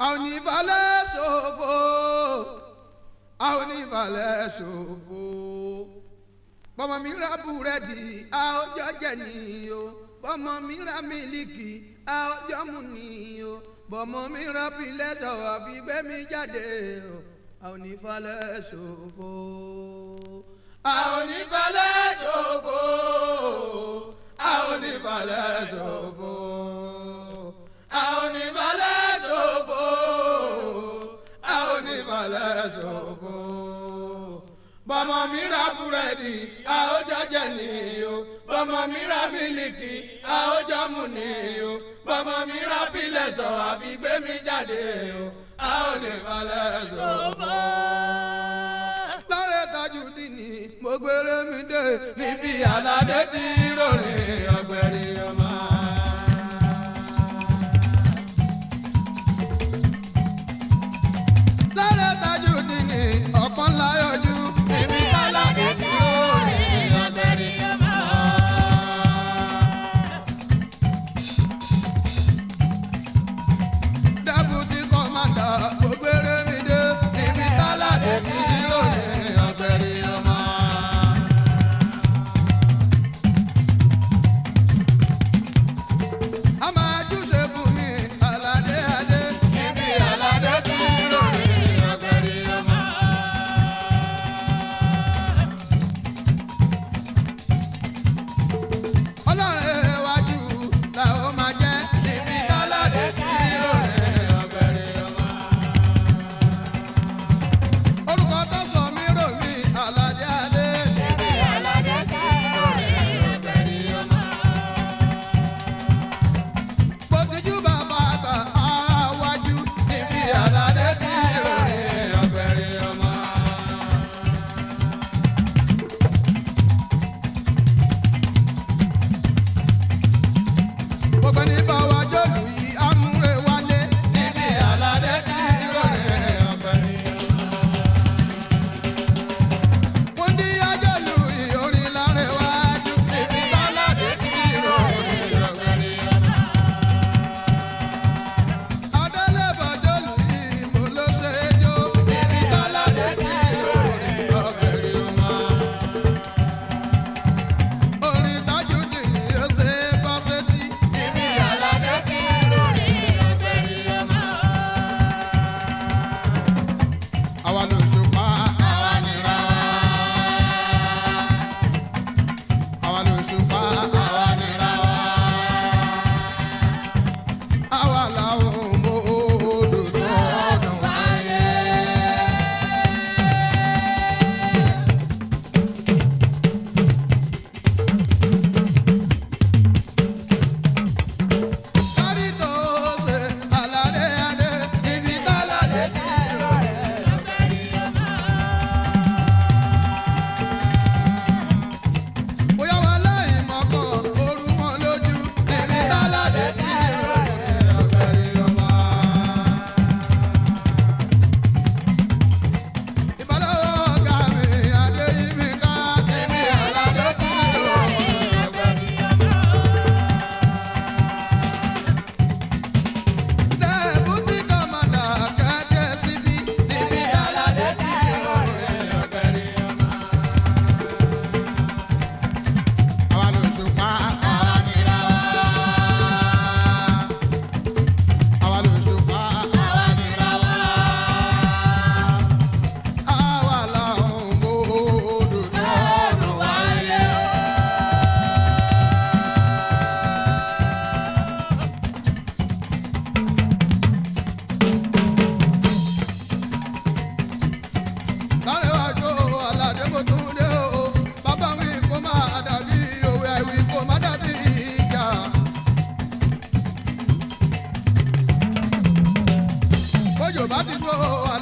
a ò ní falẹ̀ ṣòfò a ò ní falẹ̀ ṣòfò bọ́mọ mi ra búrẹ́dì a ò jọ jẹ nìyí o bọ́mọ mi ra mílíkì a ò jọ mu nìyí o bọ́mọ mi ra pílẹ́sọ̀ àbí gbé mi jáde o a ò ṣòfò a ò ṣòfò a ò ṣòfò a ò ní ṣòfò bọ́mọ mi ra búrẹ́dì a ó jọ jẹ nìyí o bọ́mọ mi ra mílìkì a ó jọ mu nìyí o bọ́mọ mi ra pílẹ̀ sọ gbé mi jáde o a ó lè falẹ̀ ṣòfò. lọ́rẹ́ tajú dì ní mo gbére mi dé níbi àlàdé tí rọrìn ọgbẹ̀rì ọmọ. bá ti fò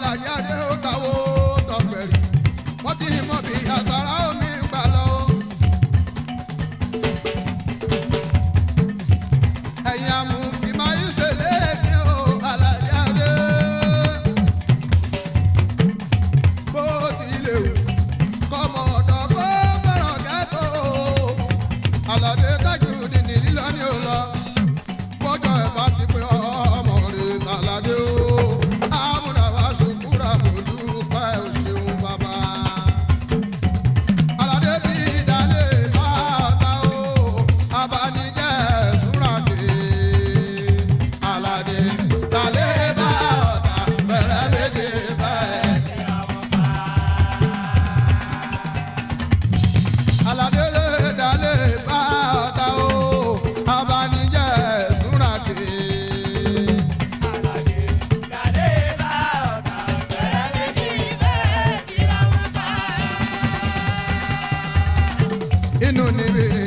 inú níbi.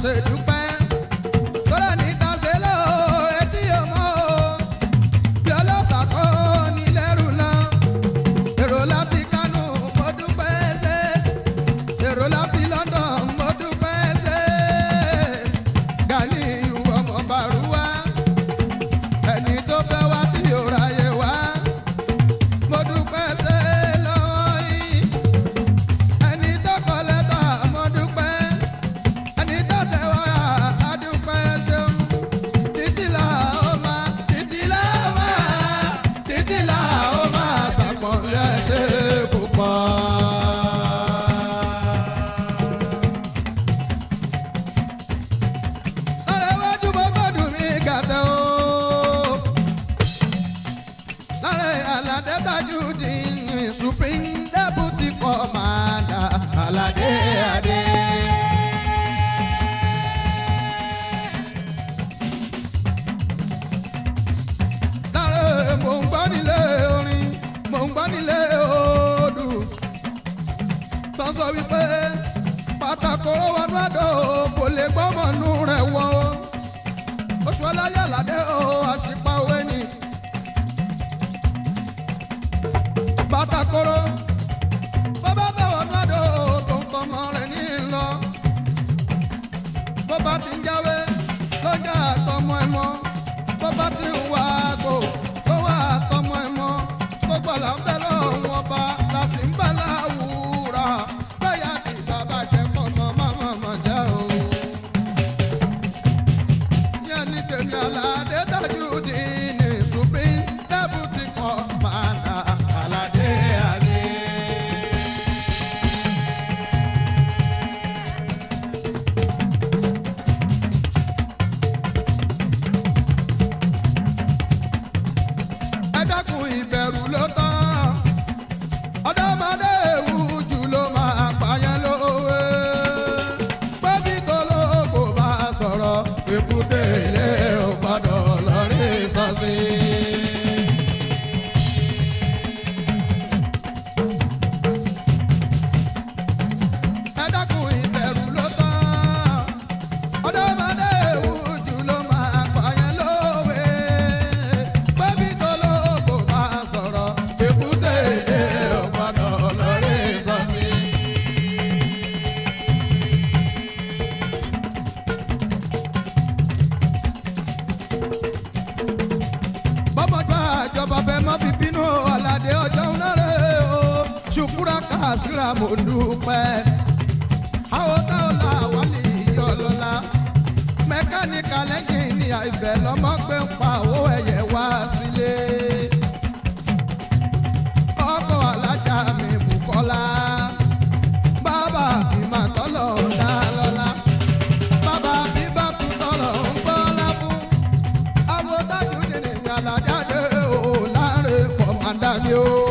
said you wọ́n sọ wípé pàtàkóró wọnú àdó kò lè gbọ́mọ̀ nú rẹ̀ wọ́ o oṣù ọláyà ládé o àṣìpa òwe ni Bada Adiós.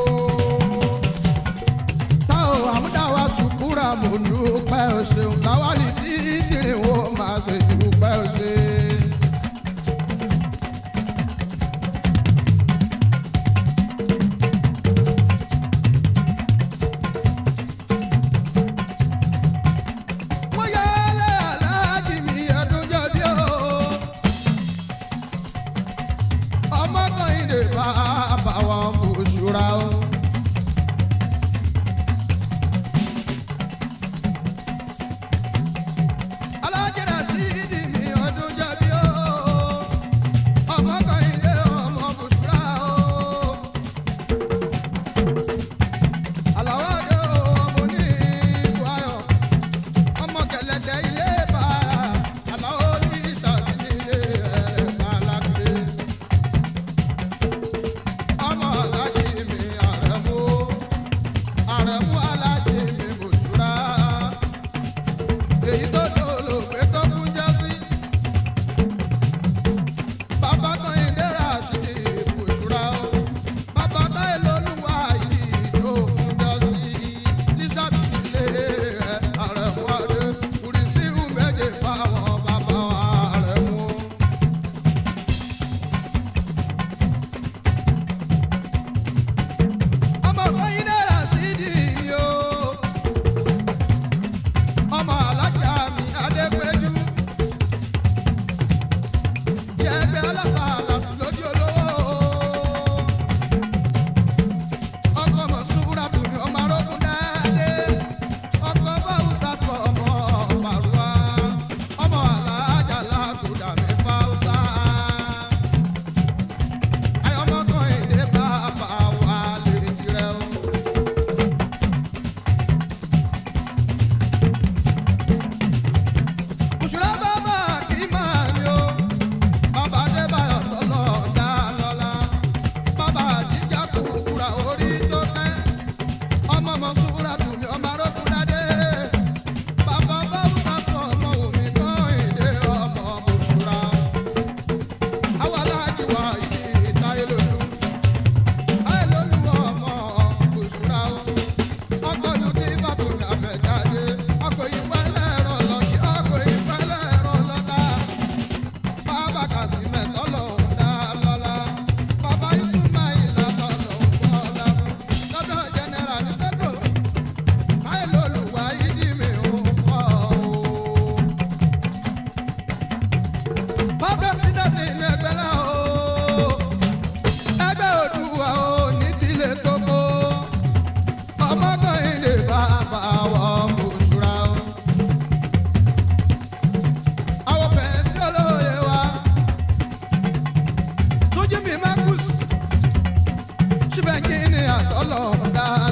tọ́lọ̀ ń dá.